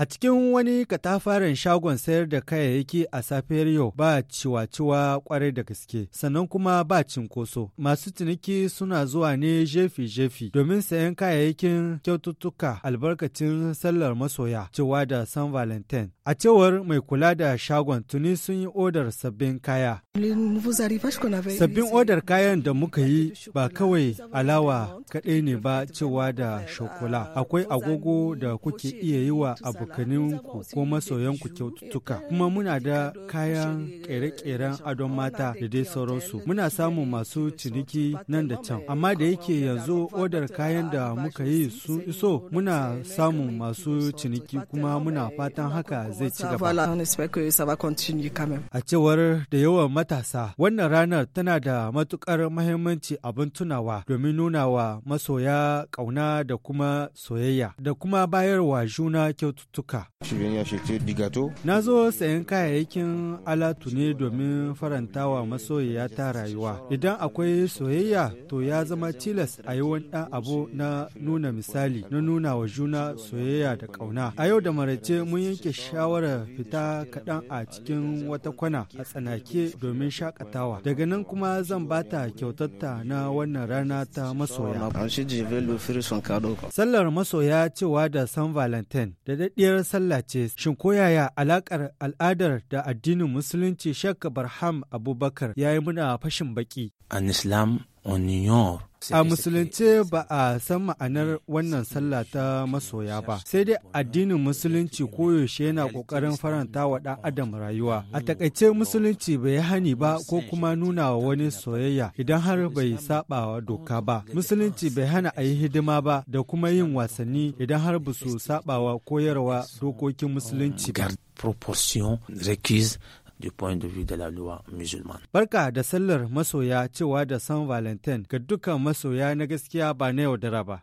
A cikin wani katafaren shagon sayar da kayayyaki a safiyar yau ba ciwa-ciwa kwarai da gaske, sannan kuma ba cinkoso. Masu ciniki suna zuwa ne jefi-jefi domin sayan kayayyakin kyaututtuka albarkacin sallar masoya cewa da San Valentine. A cewar mai kula da shagon tuni sun yi odar sabbin kaya. Sabbin odar kayan da muka yi ba kawai alawa kaɗai ne ba cewa da shokola. Akwai agogo da kuke iya yi wa abu abokaninku ko masoyanku kyaututtuka kuma muna da kayan kere-keren adon mata da dai sauransu muna samun masu ciniki nan da can amma da yake yanzu odar kayan da muka yi su iso muna samun masu ciniki kuma muna fatan haka zai ci gaba a cewar da yawan matasa wannan ranar tana da matukar mahimmanci abin tunawa domin nuna wa masoya kauna da kuma soyayya da kuma bayarwa juna kyaututtuka suka. Na zo sayan kayayyakin alatu ne domin farantawa masoyiya ta rayuwa. Idan akwai soyayya to ya zama tilas a yi wani ɗan abu na nuna misali na nuna wa juna soyayya da ƙauna. A yau da marace mun yanke shawarar fita kaɗan a cikin wata kwana a tsanake domin shakatawa. Daga nan kuma zan bata kyautatta na wannan rana ta masoya. Sallar masoya cewa da San Valentine da daɗe gaskiyar sallah ce, shin yaya alaƙar al'adar da addinin musulunci Sheikh Barham Abubakar ya yi muna fashin baki. An Islam on York A musulunci ba a san ma'anar wannan sallah ta masoya ba, sai dai addinin musulunci koyaushe yana ƙoƙarin faranta wa ɗan adam rayuwa. A takaice musulunci bai yi hani ba ko kuma nuna wa wani soyayya idan har bai saba wa doka ba. Musulunci bai hana a yi hidima ba da kuma yin wasanni idan har ba su saba wa koyarwa dokokin musulunci ba. du point de vue de la loi musulmane. Barka da sallar masoya cewa da San Valentin ga dukkan masoya na gaskiya ba na yau da raba.